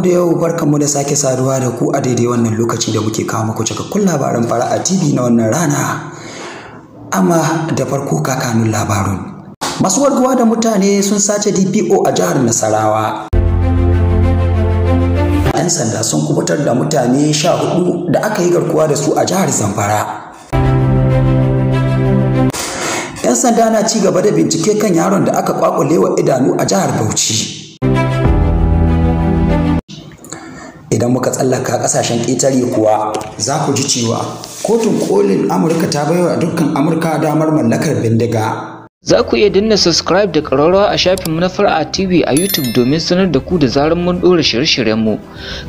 da yau barkanmu da sake saduwa da ku a daidai wannan lokaci da muke kawo muku cikakkun labaran fara a TV na wannan rana. Amma da farko kakanun labarun. Masu warguwa da mutane sun sace DPO a jihar Nasarawa. 'Yan sanda sun kubutar da mutane sha hudu da aka yi garkuwa da su a jihar Zamfara. 'Yan sanda na ci gaba da bincike kan yaron da aka kwakulewa wa idanu a jihar Bauchi. idan muka tsallaka kasashen ƙetare kuwa za ku ji cewa kotun kolin amurka ta baiwa dukkan amurka damar mallakar bindiga za ku iya dinna subscribe da ƙararrawa a shafin na fara tv a youtube domin sanar da ku da zarar mun ɗora shirye-shiryenmu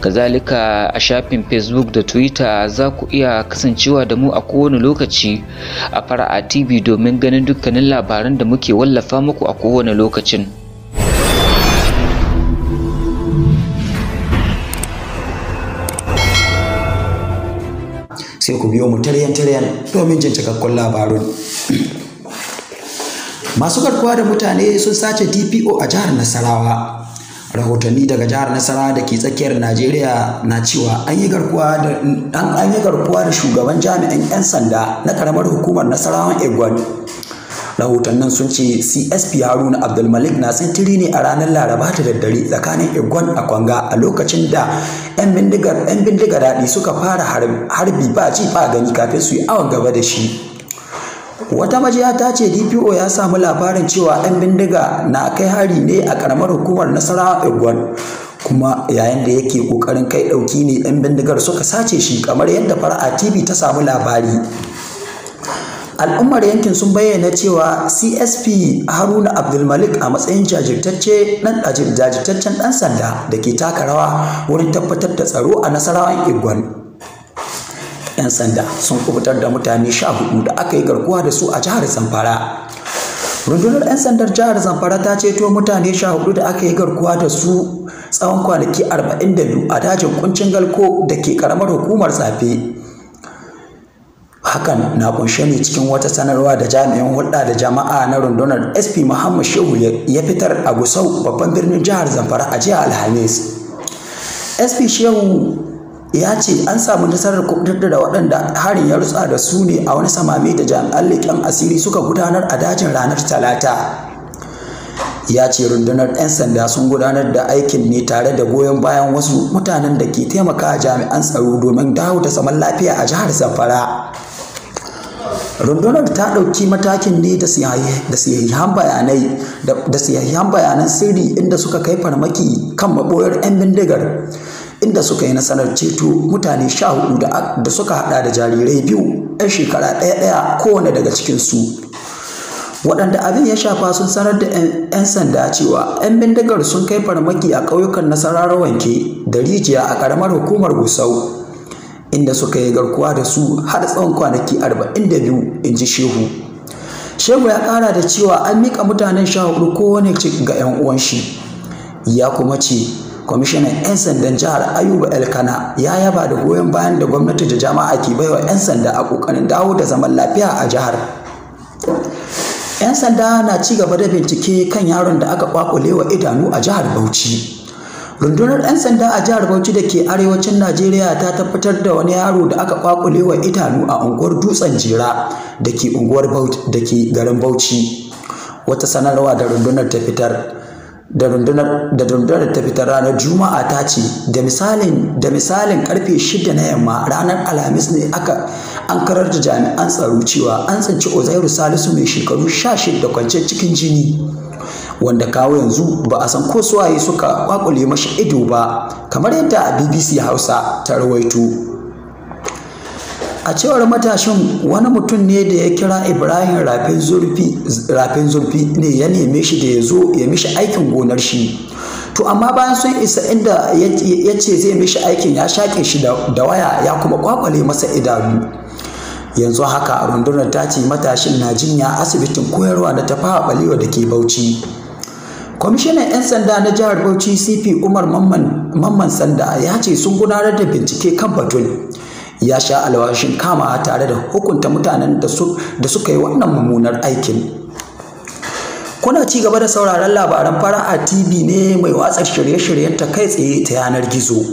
kazalika a shafin facebook da twitter za ku iya kasancewa da mu a kowane lokaci a fara tv domin ganin dukkanin labaran da muke wallafa muku a kowane lokacin sai ku biyo mu taryan taryan domin jin cikakkun labarun masu garkuwa da mutane sun sace dpo a jihar nasarawa rahotanni daga jihar nasarawa da ke tsakiyar najeriya na cewa an yi garkuwa da shugaban jami'an 'yan sanda na karamar hukumar nasarawan egwon rahotannin sun ce csp haruna abdulmalik na sintiri ne a ranar laraba ta daddare tsakanin igon a kwanga a lokacin da 'yan bindiga daɗi suka fara harbi ba ci ba gani kafin su yi awa gaba da shi wata majiya ta ce dpo ya samu labarin cewa 'yan bindiga na kai hari ne a karamar hukumar nasarawa igon kuma yayin da yake kokarin kai ɗauki ne 'yan bindigar suka sace shi kamar yadda fara tv ta samu labari al'ummar yankin sun bayyana cewa csp haruna abdulmalik a matsayin jajirtacce dan jajirtaccen dan sanda da ke taka rawa wurin tabbatar da tsaro a nasarawan igwan 'yan sanda sun kubutar da mutane sha hudu da aka yi garkuwa da su a jihar zamfara rundunar 'yan sandar jihar zamfara ta ceto mutane sha hudu da aka yi garkuwa da su tsawon kwanaki 42 a dajin kuncin galko da ke karamar hukumar zafi hakan na kunshe ne cikin wata sanarwa da jami'an hulɗa da jama'a na rundunar sp muhammad shehu ya fitar a gusau babban birnin jihar zamfara a jiya alhamis sp shehu ya ce an samu nasarar kubutar da waɗanda harin ya rutsa da su ne a wani samami da jami'an leƙen asiri suka gudanar a dajin ranar talata ya ce rundunar 'yan sanda sun gudanar da aikin ne tare da goyon bayan wasu mutanen da ke taimaka jami'an tsaro domin dawo da zaman lafiya a jihar zamfara rundunar ta ɗauki matakin ne da siyayyan bayanai da siyayyan bayanan sirri inda suka kai farmaki kan maɓoyar 'yan bindigar inda suka yi nasarar ceto mutane sha hudu da suka hada da jarirai biyu 'yan shekara ɗaya ɗaya kowane daga cikinsu waɗanda abin ya shafa sun sanar da 'yan sanda cewa 'yan bindigar sun kai farmaki a ƙauyukan nasarar wanke da rijiya a ƙaramar hukumar gusau inda suka yi garkuwa da su har tsawon kwanaki 42 in ji shehu shehu ya kara da cewa an mika mutanen sha hudu kowane cik ga 'yan uwan shi ya kuma ce kwamishinan 'yan sandan jihar ayuba elkana ya yaba da goyon bayan da gwamnati da jama'a ke baiwa 'yan sanda a kokarin dawo da zaman lafiya a jihar 'yan sanda na ci gaba da bincike kan yaron da aka kwakule idanu a jihar bauchi rundunar 'yan sanda a jihar bauchi da ke arewacin najeriya ta tabbatar da wani yaro da aka kwakule wa idanu a unguwar dutsen jira da ke unguwar da ke garin bauchi wata sanarwa da rundunar ta fitar da rundunar ta fitar ranar juma'a ta ce da misalin da misalin karfe 6 na yamma ranar alhamis ne aka an karar da jami'an tsaro cewa an tsinci ozairu Salisu mai shekaru 16 kwance cikin jini wanda kawo yanzu ba a san ko suwaye suka kwakule mashi ido ba kamar yadda BBC Hausa ta rawaito. a cewar matashin wani mutum ne da ya kira ibrahim rafin zurfi ne ya neme shi da ya zo ya mishi aikin gonar shi to amma bayan sun isa inda yace zai mishi aikin ya shaƙe shi da waya ya kuma kwakwale masa idanu yanzu haka a rundunar ta ce matashin na jinya asibitin koyarwa da ta a baliwa da ke bauchi kwamishinan 'yan sanda na jihar bauchi cp umar mamman sanda ya ce sun gudanar da bincike kan batun ya sha alwashin kama tare da hukunta mutanen da suka yi wannan mummunar aikin Kuna ci gaba da sauraron labaran fara'a TV ne mai watsar shirye-shiryen ta kai tsaye ta yanar gizo.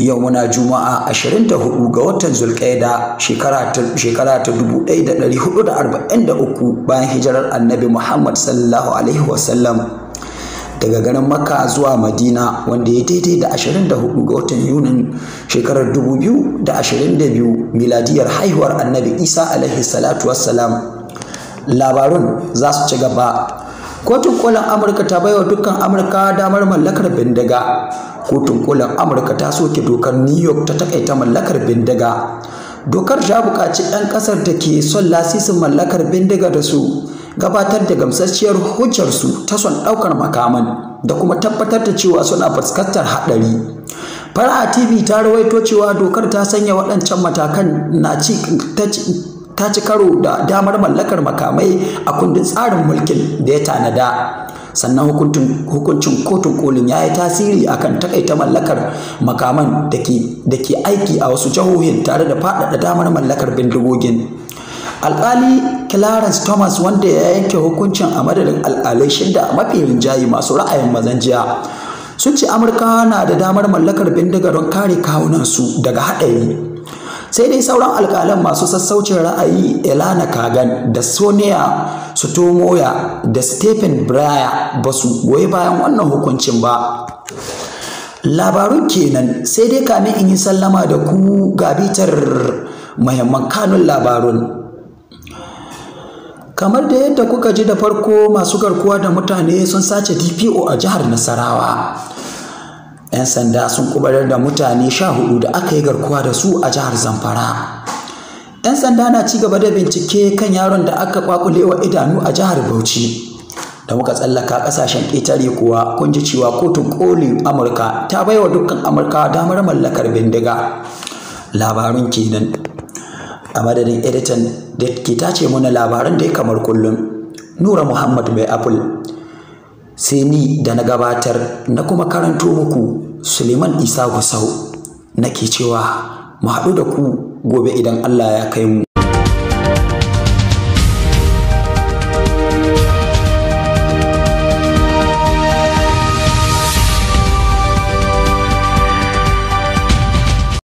Yau muna Juma'a 24 ga watan Zulkaida shekara ta 1443 bayan hijirar Annabi Muhammad sallallahu alaihi wasallam. daga garin makka zuwa madina wanda ya daidai da 24 ga watan yunin shekarar 2022 miladiyar haihuwar annabi isa alaihi salatu wassalam labarun za su ci gaba kotun kolin amurka ta baiwa dukkan amurka damar mallakar bindiga kotun kolin amurka ta soke dokar new york ta takaita mallakar bindiga dokar ta buƙaci 'yan ƙasar da ke son lasisin mallakar bindiga da su gabatar da gamsasciyar hujjarsu ta son ɗaukar makaman da kuma tabbatar da cewa suna fuskantar haɗari fara'a tv ta rawaito cewa dokar ta sanya waɗancan matakan na ci ta ci karo da damar mallakar makamai a kundin tsarin mulkin da ya tanada sannan hukuncin kotun kolin ya yi tasiri a kan takaita mallakar makaman da ke aiki a wasu jihohin tare da faɗaɗa damar mallakar bindigogin alƙali clarence thomas wanda ya yanke hukuncin a madadin alƙalai shida mafi rinjaye masu ra'ayin mazan jiya sun ce amurka na da damar mallakar bindiga don kare kawunansu daga haɗari sai dai sauran alƙalan masu sassaucin ra'ayi elana kagan da sonia sutomoya da stephen breyer ba su goyi bayan wannan hukuncin ba labarun kenan sai dai kamin in yi sallama da ku ga bitar muhimman kanun labarun kamar da yadda kuka ji da farko masu garkuwa da mutane sun sace dpo a jihar nasarawa 'yan sanda sun kubarar da mutane sha hudu da aka yi garkuwa da su a jihar zamfara 'yan sanda na ci gaba da bincike kan yaron da aka kwakulewa idanu a jihar bauchi da muka tsallaka kasashen ƙetare kuwa kun ji cewa kotun koli amurka ta baiwa dukkan amurka damar mallakar bindiga labarin kenan a madadin editan da ke tace mana labaran da ya kamar kullum nura muhammad mai apple sai ni da na gabatar na kuma karanto muku Suleiman Isa Gusau nake cewa mu haɗu da ku gobe idan Allah ya kai mu.